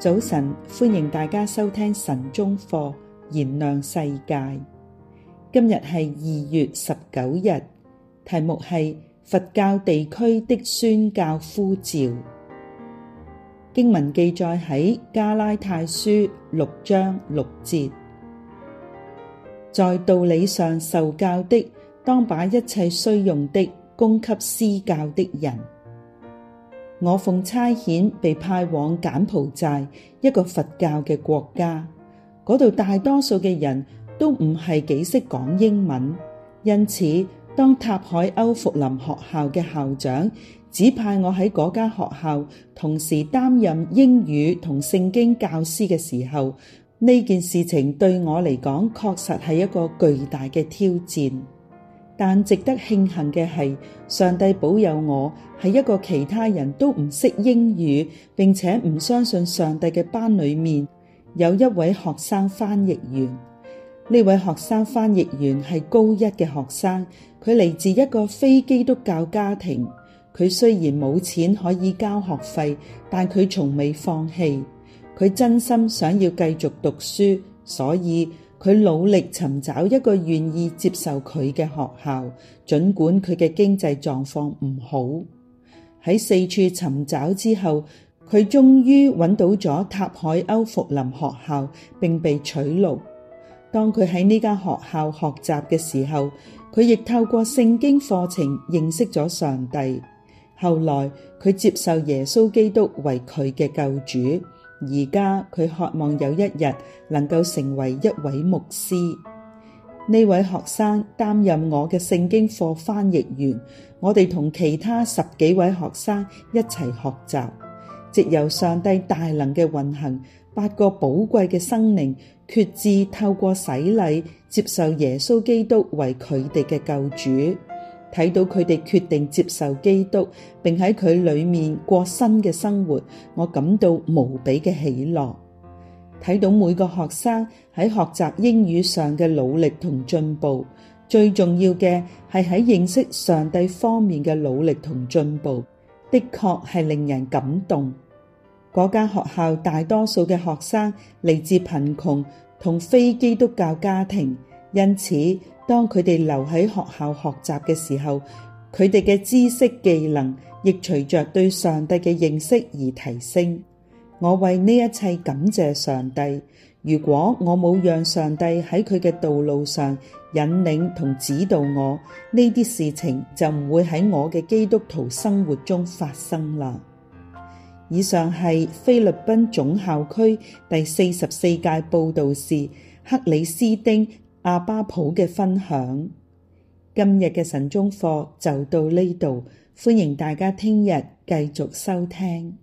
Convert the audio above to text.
早晨，歡迎大家收聽晨鐘課，燃亮世界。今日係二月19日，題目係佛教地區的宣教呼召。經文記載喺加拉太書6章6節，在道理上受教的，當把一切需用的供給施教的人。我奉差遣被派往柬埔寨，一個佛教嘅國家。嗰度大多數嘅人都唔係幾識講英文，因此當塔海歐福林學校嘅校長指派我喺嗰間學校同時擔任英語同聖經教師嘅時候，呢件事情對我嚟講確實係一個巨大嘅挑戰。但值得慶幸嘅係，上帝保佑我喺一個其他人都唔識英語，並且唔相信上帝嘅班裏面，有一位學生翻譯員。呢位學生翻譯員係高一嘅學生，佢嚟自一個非基督教家庭。佢雖然冇錢可以交學費，但佢從未放棄。佢真心想要繼續讀書，所以。佢努力尋找一個願意接受佢嘅學校，儘管佢嘅經濟狀況唔好。喺四處尋找之後，佢終於揾到咗塔海歐福林學校並被取錄。當佢喺呢間學校學習嘅時候，佢亦透過聖經課程認識咗上帝。後來，佢接受耶穌基督為佢嘅救主。而家佢渴望有一日能夠成為一位牧師。呢位學生擔任我嘅聖經課翻譯員，我哋同其他十幾位學生一齊學習。藉由上帝大能嘅運行，八個寶貴嘅生靈決志透過洗禮接受耶穌基督為佢哋嘅救主。睇到佢哋決定接受基督，並喺佢裏面過新嘅生活，我感到無比嘅喜樂。睇到每個學生喺學習英語上嘅努力同進步，最重要嘅係喺認識上帝方面嘅努力同進步，的確係令人感動。嗰間學校大多數嘅學生嚟自貧窮同非基督教家庭，因此，當佢哋留喺學校學習嘅時候，佢哋嘅知識技能亦隨着對上帝嘅認識而提升。我為呢一切感謝上帝。如果我冇讓上帝喺佢嘅道路上引領同指導我，呢啲事情就唔會喺我嘅基督徒生活中發生啦。以上係菲律賓總校區第四十四屆佈道士，克里斯丁。阿巴普嘅分享，今日嘅晨鐘課就到呢度，歡迎大家聽日繼續收聽。